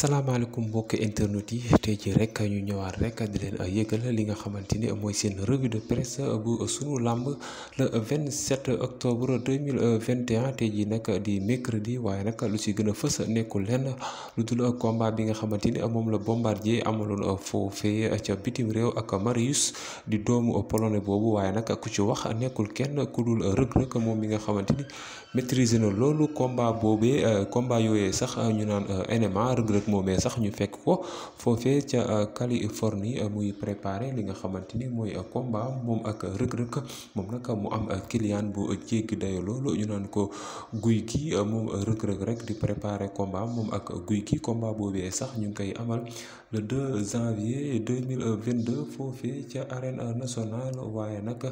salaamaaleykum mbokk internet yi tey jii rek ñu ñëwaat rek di leen yëgal li nga xamante ni mooy seen revue de presse bu sunu làmb le octobre 2021 tey jii nag di mercredi waaye nag lu si gën a fës nekkul lenn lu dul combat bi nga xamante ni moom la bombardier amaloon foofee ca bitim réew ak Marius di doomu polonais boobu waaye nag ku ci wax nekkul kenn ku dul Reug moom mi nga xamante ni maîtrisé na loolu combat boobee combat yooyee sax ñu naan euh, NMA Reug Reug moomee sax ñu fekk ko foofee ca euh, Californie euh, muy préparer li nga xamante ni mooy euh, combat moom ak rëg-rëg moom nag mu am client bu jéggi dayo loolu ñu naan ko guy gi moom rëg rek di préparé combat moom ak guy gi combat boobee sax ñu ngi koy amal le 2 janvier 2022 foofee ca arène nationale waaye nag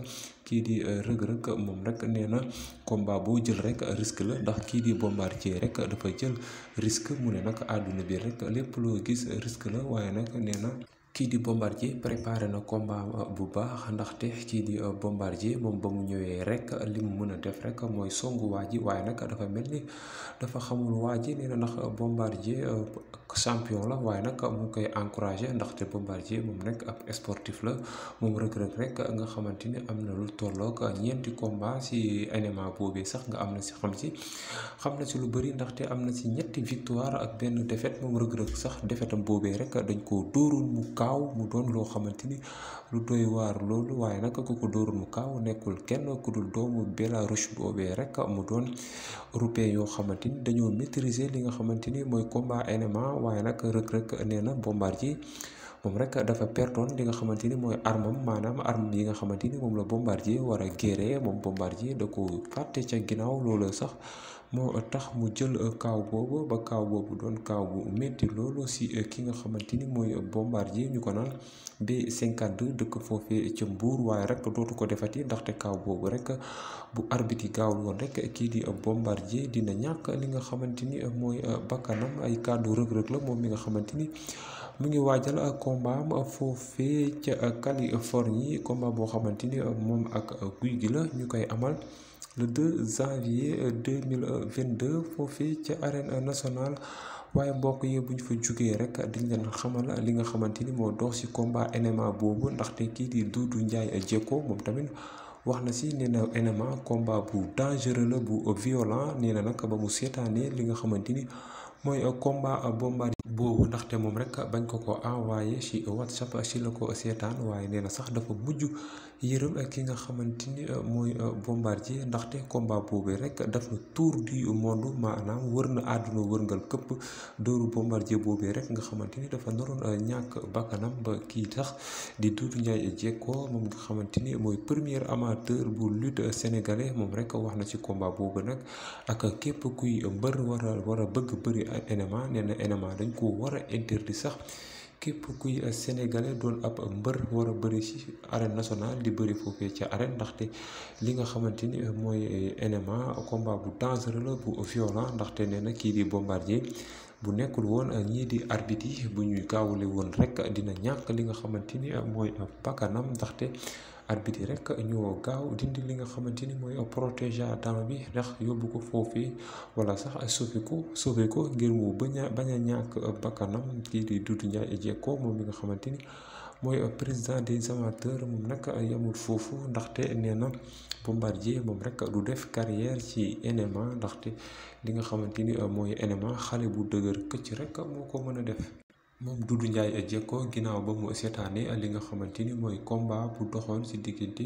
kii di rëg-rëg moom rekk nee na combat boo jël rek risque la ndax kii di bombardier rek dafa jël risque mu ne nag àdduna bi rek it lépp loo gis risque la waaye nag nee na kii di Bombardier préparé na combat euh, bu baax ndaxte kii di euh, Bombardier moom ba mu ñëwee rek li mu mën a def rek mooy songu waa ji waaye nag dafa mel ni dafa xamul waa ji nee na ndax Bombardier euh, champion la waaye nag koy encouragé ndaxte Bombardier moom nekk ab sportif la moom Reug Reug rek nga xamante ni am na lu tollook ñeenti combat si MMA boobee sax nga am na si xam si xam na si lu bëri ndaxte am na ci ñetti victoire ak benn défaite moom Reug Reug sax défaitam boobee rek dañ koo dóorul mu kaaw mu doon loo xamante ni lu doy waar loolu waaye nag ko ko dóor mu kaaw nekkul kenn ku dul doomu Belarus boobee rek mu doon européen yoo xamante ni dañoo maîtriser li nga xamante ni mooy combat MMA waaye nag Reug Reug nee na Bombardier moom rek dafa pertoon li nga xamante ni mooy armam maanaam arme yi nga xamante ni moom la bombardier war a gérer moom bombardier da ko fàtte ca ginnaaw loolu sax moo tax mu jël kaaw boobu ba kaaw boobu doon kaaw bu métti loolu si ki nga xamante ni mooy bombardier ñu ko naan B52 dëkk foofee ca Mbuur waaye rek dootu ko defati ndaxte kaaw boobu rek bu arbitre yi gaawul woon rek kii di bombardier dina ñàkk li nga xamante ni mooy bakkanam ay kàddu rëg-rëg la moom mi nga xamante ni mu ngi waajal combat am foofee ca Californie combat boo xamante ni moom ak guy gi la ñu koy amal le 2 janvier 2022 foofee ca arène nationale waaye mbokk yi bu ñu fa jógee rek dañ leen xamal li nga xamante ni moo dox ci combat MMA boobu ndaxte kii di Doudou Ndiaye Diécko moom tamit wax na si nee na MMA bu dangereux la bu violent nee na nag ba mu seetaanee li nga xamante ni mooy combat bombardier boobu ndaxte moom rek bañ ko ko envoyé ci whatsapp ci la ko seetaan waaye nee na sax dafa mujj yërëm ak ki nga xamante ni euh, mooy euh, bombardier ndaxte combat boobu rek daf na tour du monde maanaam wër na àdduna wërngal këpp dóoru bombardier boobu rek nga xamante ni dafa naroon euh, ñàkk bakkanam ba kii tax di Doudou Ndiaye Diécko moom nga xamante ni mooy première amateur bu lutte sénégalais moom rek wax na ci combat boobu nag ak képp kuy mbër war a bëgg bëri MMA nee na MMA dañ ko war a interdit sax képp kuy euh, sénégalais doon ab mbër war a bëri ci arène nationale di bëri foofee ca arène ndaxte li nga xamante ni euh, mooy euh, MMA combat bu dangereux la bu violent ndaxte nee na kii di bombardier bu nekkul woon ñii di arbitre yi bu ñuy gaawule woon rek dina ñàkk li nga xamante ni mooy bakkanam ndaxte. arbitre rek ñoo gaaw dindi li nga xamante ni mooy protégé dama bi ndax yóbbu ko foofii wala sax sauvé ko sauvé ko ngir mu bañ a bañ a ñàkk bakkanam kii di Doudou Ndiaye Diécko moom li nga xamante ni mooy président des amateurs moom nag yamul foofu ndaxte nee na Bombardier moom rek du def carrière ci MMA ndaxte li nga xamante ni mooy MMA xale bu dëgër këcc rek moo ko mën a def. moom Doudou Ndiaye Diecko ginnaaw ba mu seetaane li nga xamante ni mooy komba bu doxoon ci diggante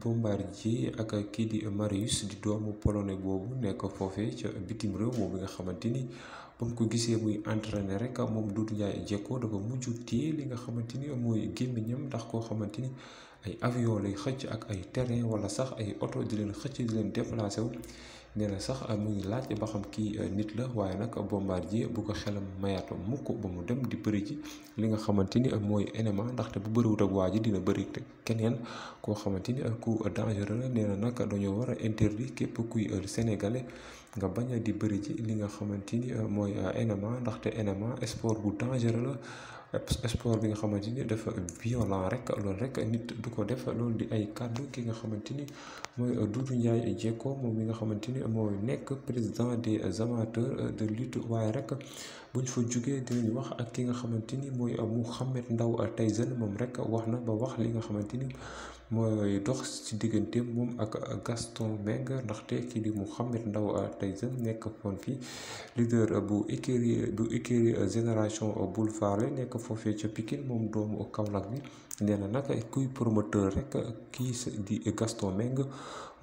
Bombardier ak kii di Marius di doomu polone boobu nekk foofe ca bitim réew moom bi nga xamante ni ba mu ko gisee muy entraîné rek moom Doudou a Diecko dafa mujj téye li nga xamante ni mooy gémmiñam tax koo xamante ni ay avion lay xëcc ak ay terrain wala sax ay oto di leen xëcc di leen déplacé wu. nee na sax ah, mu ngi laaj ba xam kii euh, nit la waaye nag Bombardier bu ko xelam mayaat mukk ba mu dem di bëri ji li nga xamante ni euh, mooy NMA ndaxte bu bëriwut ak waa ji dina bëri keneen koo xamante ni euh, ku dangereux la nee na nag dañoo war a interdit képp kuy sénégalais nga bañ a di bëri ji li nga xamante ni mooy NMA ndaxte NMA sport bu dangereux la. sport bi nga xamante ni dafa violent rek loolu rek nit du ko def loolu di ay kàddu ki nga xamante ni mooy Doudou Ndiaye Diécko moom li nga xamante ni mooy nekk président des amateurs de lutte waaye rek buñ fa jugee dinañ wax ak ki nga xamante ni mooy Mouhamed Ndao Tyson moom rek wax na ba wax li nga xamante ni mooy dox ci diggante moom ak Gaston Mbengue ndaxte kii di Mouhamed Ndao Tyson nekk foon fii leader bu écurie bu écurie génération Boulevard nekk. foofee ca Pikine moom doomu Kaolack bi nee na nag kuy promoteur rek kii di Gaston Mbengue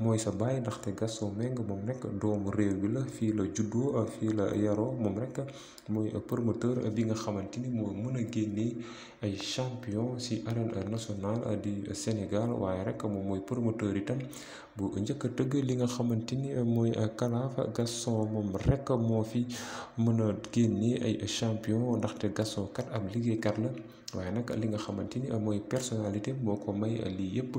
mooy sa baay ndaxte Gaston Mbengue moom nekk doomu réew bi la fii la juddoo fii la yaroo moom rek mooy promoteur bi nga xamante ni moo mën a génnee ay champion si arène di Sénégal waaye rek moom mooy promoteur itam bu njëkk a tëgg li nga xamante ni mooy kalaaf Gaston moom rek moo fi mën a génnee ay champion ndaxte Gaston kat ab liggéeykat la waaye nag li nga xamante mooy personalité moo ko may lii yépp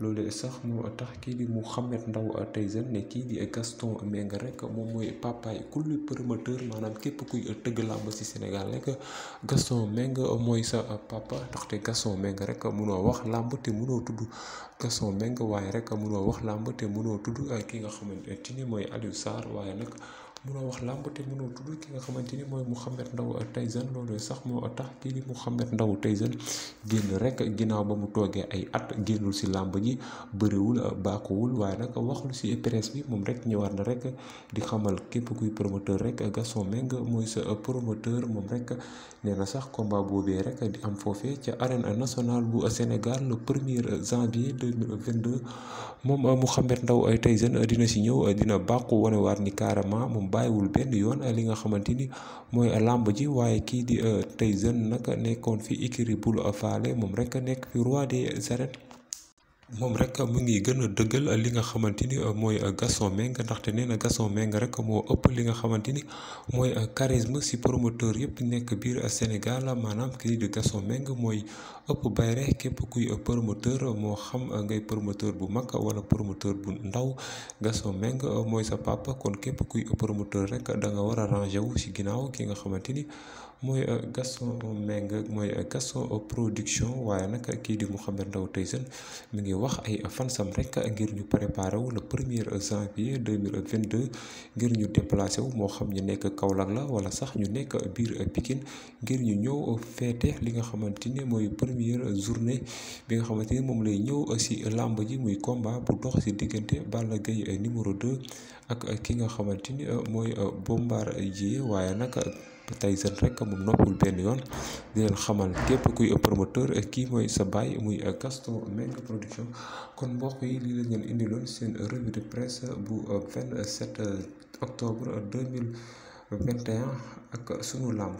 loolu sax moo tax kii di Mouhamed Ndao Tyson ne kii di Gaston Mbengue rek moom mooy papaay kulli promoteur maanaam képp kuy tëgg làmb ci Sénégal rek Gaston Mbengue mooy sa papa ndaxte Gaston meng rek munoo wax làmb te munoo tudd Gaston Mbengue waaye rek munoo wax làmb te munoo tudd ki nga xamante ni mooy Aliou Sarr waaye nag. munoo wax làmb te munoo tudd ki nga xamante ni mooy Mouhamed Ndao Tyson loolu sax moo tax kii di Mouhamed Ndao Tyson génn rek ginnaaw ba mu toogee ay at génnul si làmb ji bëriwul baakuwul waaye nag waxul si presse bi moom rek ñëwaat na rek di xamal képp kuy promoteur rek Gaston Mbengue mooy sa promoteur moom rek nee na sax combat boobee rek di am foofe ca arène nationale bu Sénégal le premier janvier 2022 moom Mouhamed Ndao Tyson dina si ñëw dina bàqu wanewaat ni carrément moom moom bàyyiwul benn yoon li nga xamante ni mooy làmb ji waaye kii di euh, Tyson nag nekkoon fi écurie Boul Falé moom rek nekk fi roi des arènes moom rek mu ngi gën a dëggal li nga xamante ni euh, mooy euh, Gaston Mbengue ndaxte nee na Gaston Mbengue rek moo ëpp li nga xamante ni mooy euh, charisme si promoteur yëpp nekk biir Sénégal maanaam kii di Gaston Mbengue mooy ëpp bayre képp kuy promoteur moo xam ngay promoteur bu mag wala promoteur bu ndaw Gaston Mbengue mooy sa papa kon képp kuy promoteur rek da nga war a ranger wu si ginnaaw ki nga xamante ni mooy Gaston Mbengue mooy Gaston production waaye nag kii di Mouhamed Ndao Tyson ngi. wax ay fansam rek ngir ñu préparé wu le premier janvier 2022 ngir ñu déplacé wu moo xam ñu nekk Kaolack la wala sax ñu nekk biir Pikine ngir ñu ñëw feete li nga xamante ni mooy première journée bi nga xamante ni moom lay ñëw si làmb ji muy combat bu dox si diggante Balla Gaye numéro 2 ak ki nga xamante ni mooy Bombardier waaye nag. Tyson rek moom noppul benn yoon di leen xamal képp kuy promoteur kii mooy sa baay muy Gaston Mbengue production kon mbokk yi lii la ngeen indiloon seen revue de presse bu 27 octobre 2021 ak sunu làmb.